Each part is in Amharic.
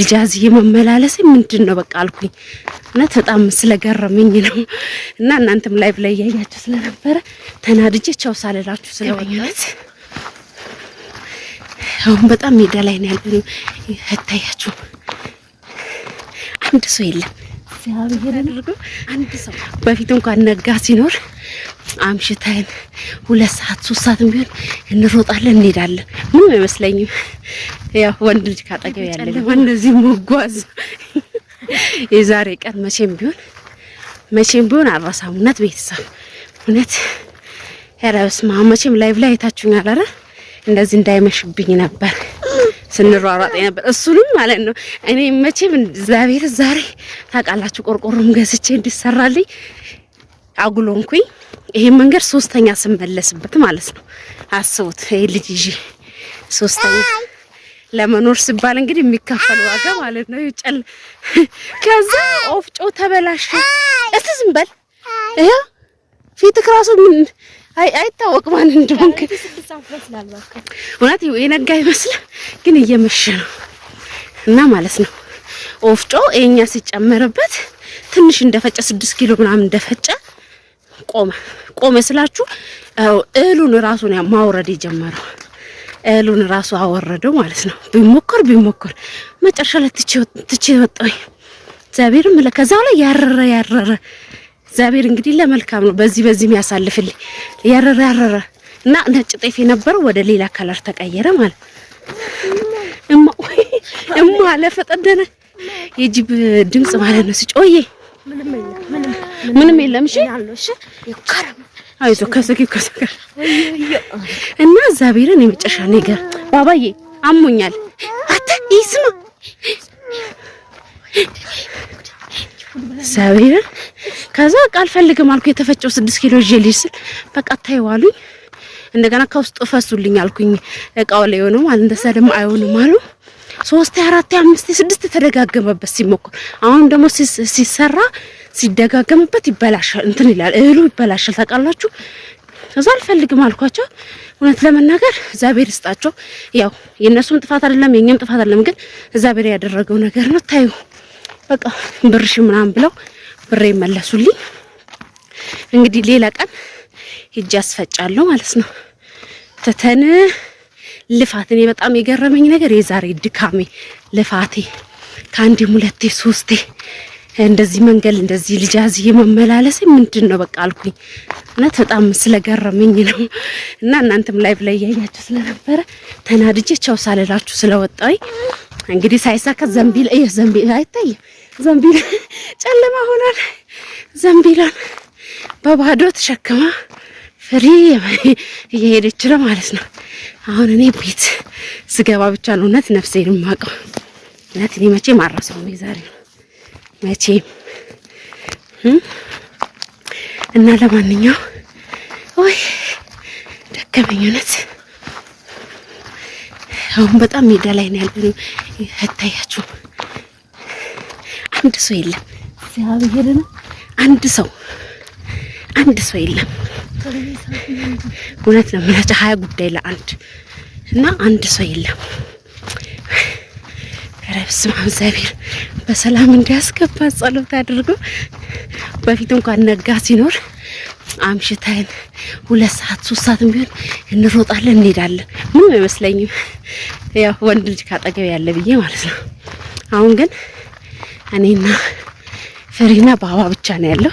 ልጃዚ የመመላለስ ምንድን ነው በቃ አልኩኝ። እውነት በጣም ስለገረመኝ ነው። እና እናንተም ላይቭ ላይ እያያችሁ ስለነበረ ተናድጄ ቻው ሳልላችሁ ስለሆነት አሁን በጣም ሜዳ ላይ ነው ያለው። ይታያችሁ አንድ ሰው የለም። እግዚአብሔር አድርጎ አንድ ሰው በፊት እንኳን ነጋ ሲኖር አምሽተን ሁለት ሰዓት ሶስት ሰዓት ቢሆን እንሮጣለን እንሄዳለን። ምንም አይመስለኝም። ያው ወንድ ልጅ ካጠገብ ያለ እንደዚህ መጓዝ የዛሬ ቀን መቼም ቢሆን መቼም ቢሆን አልረሳም። እውነት ቤተሰብ እውነት ኧረ በስመ መቼም ላይቭ ላይ አይታችሁኛል። አረ እንደዚህ እንዳይመሽብኝ ነበር ስንሯሯጥ ነበር። እሱንም ማለት ነው እኔ መቼም እግዚአብሔር ዛሬ ታውቃላችሁ፣ ቆርቆሮም ገዝቼ እንዲሰራልኝ አጉሎንኩኝ። ይሄ መንገድ ሶስተኛ ስመለስበት ማለት ነው። አስቡት ይሄ ልጅ ይዤ ሶስተኛ ለመኖር ሲባል እንግዲህ የሚከፈል ዋጋ ማለት ነው። ይጨል ከዛ ወፍጮ ተበላሸ። እስቲ ዝም በል ይሄ ፊትህ እራሱ ምን አይታወቅ ማን እንደሆንክ እውነት የነጋ ይመስላል፣ ግን እየመሸ ነው እና ማለት ነው ወፍጮ ይሄኛ ሲጨመርበት ትንሽ እንደፈጨ ስድስት ኪሎ ምናምን እንደፈጨ ቆመ። ቆመ ስላችሁ እህሉን ራሱን ማውረድ የጀመረው እህሉን ራሱ አወረደው ማለት ነው። ቢሞክር ቢሞክር መጨረሻ ላይ ትቼ ወጣሁኝ። እግዚአብሔር ከዛው ላይ ያረረ ያረረ እግዚአብሔር እንግዲህ ለመልካም ነው። በዚህ በዚህ የሚያሳልፍልኝ ያረረ ያረረ እና ነጭ ጤፍ የነበረው ወደ ሌላ ከለር ተቀየረ ማለት እማ እማ ለፈጠደነ የጅብ ድምጽ ማለት ነው። ስጮዬ ምንም የለም እሺ ይከረም አይዞ ከሰጊው እና እግዚአብሔርን የመጨረሻ ነገር ባባዬ አሞኛል። አታ ይስማ እግዚአብሔርን ከዛ ቃል አልፈልግም አልኩ። የተፈጨው ስድስት ኪሎ ጄሊ ልሂድ ስል በቃ ታይዋሉኝ እንደገና ከውስጥ ፈሱልኝ አልኩኝ። እቃው ላይ ሆኖ ማለት እንደዛ ደግሞ አይሆንም አሉ። ሶስት አራት አምስት ስድስት ተደጋገመበት ሲሞክር አሁን ደግሞ ሲሰራ ሲደጋገምበት ይበላሻል፣ እንትን ይላል፣ እህሉ ይበላሻል። ታውቃላችሁ። እዛ አልፈልግም አልኳቸው። እውነት ለመናገር እግዚአብሔር ይስጣቸው። ያው የእነሱም ጥፋት አይደለም የእኛም ጥፋት አይደለም፣ ግን እግዚአብሔር ያደረገው ነገር ነው። ታዩ በቃ ብርሽ ምናምን ብለው ብሬ መለሱልኝ። እንግዲህ ሌላ ቀን ሂጅ አስፈጫለሁ ማለት ነው። ትተን ልፋት እኔ በጣም የገረመኝ ነገር የዛሬ ድካሜ ልፋቴ ከአንዴም ሁለቴ ሶስቴ እንደዚህ መንገድ እንደዚህ ልጅ አዝዬ መመላለስ ምንድን ነው በቃ አልኩኝ። እውነት በጣም ስለገረመኝ ነው። እና እናንተም ላይቭ ላይ እያያችሁ ስለነበረ ተናድጄ ቻው ሳልላችሁ ስለወጣሁኝ እንግዲህ ሳይሳካ ዘንቢል እየ ዘንቢል አይታይም። ዘንቢል ጨለማ ሆኗል። ዘንቢላን በባዶ ተሸክማ ፍሪ እየሄደች ነው ማለት ነው። አሁን እኔ ቤት ስገባ ብቻ ነው እውነት ነፍሴን የማውቀው። እውነት እኔ መቼ ማራሰው ነው ዛሬ ነው መቼም እና ለማንኛው ወይ ደከመኝ እውነት። አሁን በጣም ሜዳ ላይ ነው ያለነው። አታያችሁ፣ አንድ ሰው የለም። እግዚአብሔር ነው አንድ ሰው አንድ ሰው የለም። እውነት ነው የምላቸው ሀያ ጉዳይ ለአንድ እና አንድ ሰው የለም። ረብስም እግዚአብሔር በሰላም እንዲያስገባ ጸሎት አድርጎ በፊት እንኳን ነጋ ሲኖር አምሽታይን ሁለት ሰዓት ሶስት ሰዓት ቢሆን እንሮጣለን፣ እንሄዳለን። ምንም አይመስለኝም፣ ያው ወንድ ልጅ ካጠገብ ያለ ብዬ ማለት ነው። አሁን ግን እኔና ፍሪና ባባ ብቻ ነው ያለው።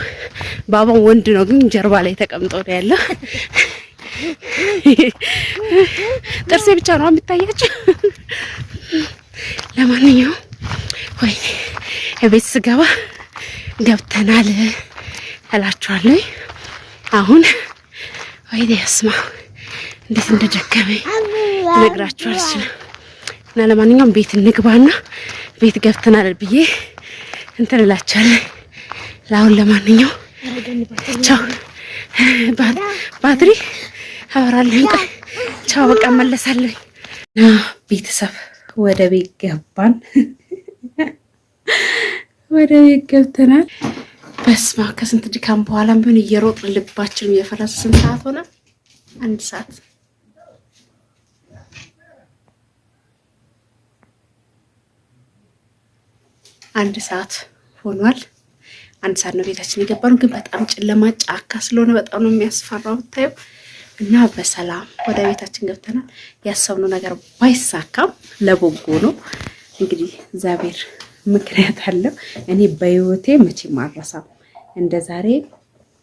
ባባም ወንድ ነው፣ ግን ጀርባ ላይ ተቀምጦ ነው ያለው። ጥርሴ ብቻ ነው የሚታያቸው። ለማንኛውም ወይ ቤት ስገባ ገብተናል እላችኋለሁ። አሁን ወይ ያስማ እንዴት እንደደከመኝ ነግራችሁ አልችልም። እና ለማንኛውም ቤት እንግባና ቤት ገብተናል ብዬ እንትን እላችኋለሁ። ለአሁን ለማንኛው ቻው። ባትሪ አበራለሁ። ቻው፣ በቃ እመለሳለሁ ቤተሰብ ወደ ቤት ገባን። ወደ ቤት ገብተናል። በስመ አብ ከስንት ድካም በኋላም ቢሆን እየሮጥ ልባችንም የፈረሰ ስንት ሰዓት ሆነ? አንድ ሰዓት አንድ ሰዓት ሆኗል። አንድ ሰዓት ነው ቤታችን የገባነው፣ ግን በጣም ጨለማ ጫካ ስለሆነ በጣም ነው የሚያስፈራው ብታየው እና በሰላም ወደ ቤታችን ገብተናል። ያሰብነው ነገር ባይሳካም ለበጎ ነው። እንግዲህ እግዚአብሔር ምክንያት አለው። እኔ በህይወቴ መቼ ማረሳ እንደ ዛሬ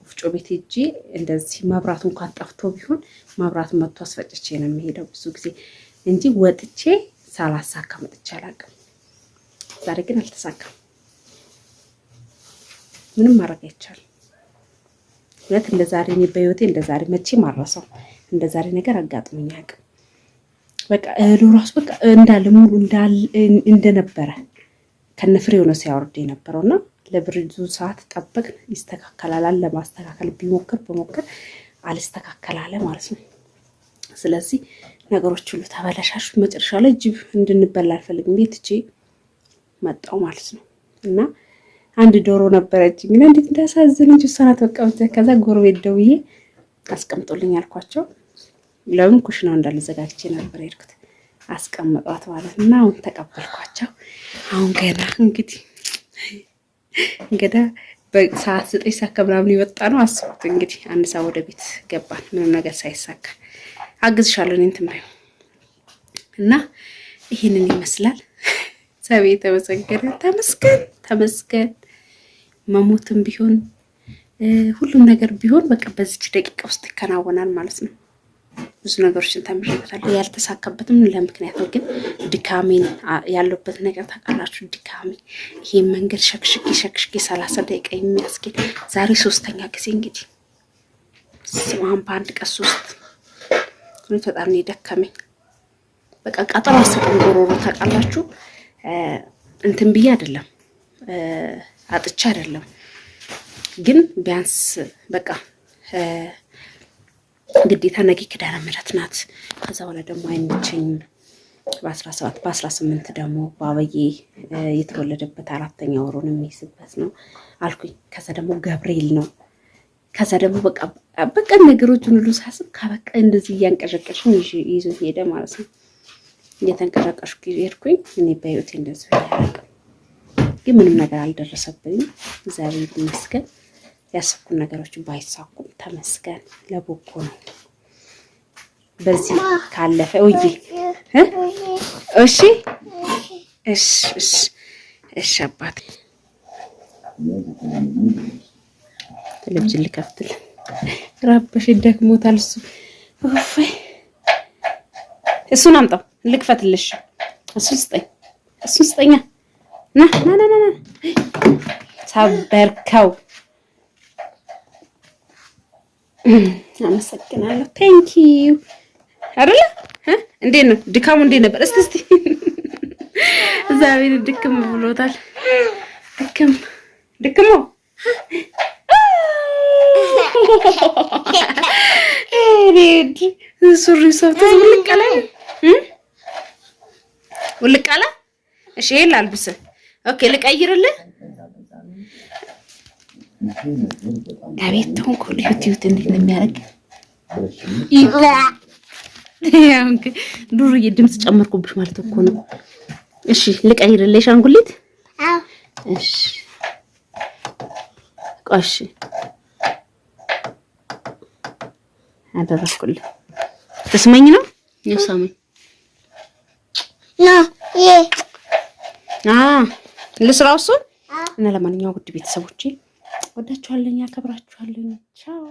ወፍጮ ቤት እጂ እንደዚህ መብራቱ እንኳን ጠፍቶ ቢሆን መብራት መጥቶ አስፈጭቼ ነው የሚሄደው ብዙ ጊዜ እንጂ ወጥቼ ሳላሳካ መጥቼ አላውቅም። ዛሬ ግን አልተሳካም። ምንም ማድረግ አይቻልም። እውነት እንደ ዛሬ እኔ በህይወቴ እንደ ዛሬ መቼም አልረሳው። እንደ ዛሬ ነገር አጋጥሞኝ አያውቅም። በቃ እህሉ ራሱ በቃ እንዳለ ሙሉ እንደነበረ ከነፍሬው ነው ሲያወርድ የነበረው እና ለብርዙ ሰዓት ጠበቅ ይስተካከላላል ለማስተካከል ቢሞክር በሞክር አልስተካከላለ ማለት ነው። ስለዚህ ነገሮች ሁሉ ተበላሻሹ። መጨረሻ ላይ ጅብ እንድንበላ አልፈልግም ቤት እጄ መጣው ማለት ነው እና አንድ ዶሮ ነበረች ግን እንዴት እንዳሳዘነች እሷናት በቃ። ከዛ ጎረቤት ደውዬ አስቀምጦልኝ አልኳቸው። ለምን ኩሽ ነው እንዳልዘጋጅቼ ነበር ሄድኩት አስቀምጧት ማለት እና አሁን ተቀበልኳቸው። አሁን ገና እንግዲህ እንግዳ በሰዓት ዘጠኝ ሳካ ምናምን የወጣ ነው አስቡት። እንግዲህ አንድ ሰው ወደ ቤት ገባን ምንም ነገር ሳይሳካ። አግዝሻለሁ እኔን ትንበዩ እና ይህንን ይመስላል። ሰቤ ተመሰገነ። ተመስገን ተመስገን። መሞትም ቢሆን ሁሉም ነገር ቢሆን በቃ በዚች ደቂቃ ውስጥ ይከናወናል ማለት ነው። ብዙ ነገሮችን ተምሬበታለሁ። ያልተሳካበትም ለምክንያት ነው። ግን ድካሜን ያለበት ነገር ታውቃላችሁ። ድካሜ ይሄ መንገድ ሸክሽጌ ሸክሽጌ ሰላሳ ደቂቃ የሚያስጌድ ዛሬ ሶስተኛ ጊዜ እንግዲህ ስማን በአንድ ቀን ሶስት በጣም ነው የደከመኝ። በቃ ቀጠሮ አሰጥም ጎሮሮ ታውቃላችሁ። እንትን ብዬ አይደለም አጥቻ አይደለም፣ ግን ቢያንስ በቃ ግዴታ ነገ ኪዳነ ምሕረት ናት። ከዛ በኋላ ደግሞ አይመቸኝም። በአስራ ሰባት በአስራ ስምንት ደግሞ በአበዬ የተወለደበት አራተኛ ወሩን የሚይዝበት ነው አልኩኝ። ከዛ ደግሞ ገብርኤል ነው። ከዛ ደግሞ በቃ በቃ ነገሮችን ሁሉ ሳስብ ከበቃ እንደዚህ እያንቀሸቀሽ ይዞ ሄደ ማለት ነው። እየተንቀዠቀሽ ሄድኩኝ እኔ በህይወቴ እንደዚህ ግን ምንም ነገር አልደረሰብኝም። እግዚአብሔር ይመስገን። ያሰብኩ ነገሮች ባይሳኩም ተመስገን። ለበጎ ነው። በዚህ ካለፈ ውይ እሺ፣ እሺ፣ እሺ፣ እሺ። አባት ቴሌቪዥን ልከፍትል ረበሽ ደክሞታል እሱ። ወፈይ እሱን አምጣው ልክፈትልሽ። እሱን ስጠኝ፣ እሱን ስጠኛ ሰበርከው። አመሰግናለሁ። ቴንኪ ዩ አይደለ እንዴት ነው ድካሙ? እንዴት ነበር? እስቲ እስቲ እግዚአብሔር ድክም ብሎታል። ድክም ድክሞ ሬድ ሱሪ ሰብቶ ውልቃላ ውልቃላ። እሺ ይሄን ላልብስህ ኦኬ ልቀይርልህ። አቤት ተንኮል ዩቲዩብ እንዴት ነው የሚያደርግ? ዱርዬ ድምፅ ጨመርኩብሽ ማለት እኮ ነው። እሺ ልቀይርልህ ሻንጉሊት እሺ ቆሽ አደረኩልህ። ተስመኝ ነው ነው ሰመኝ ልስራው እሱን እና ለማንኛውም ውድ ቤተሰቦቼ ወዳችኋለኝ፣ አከብራችኋለኝ። ቻው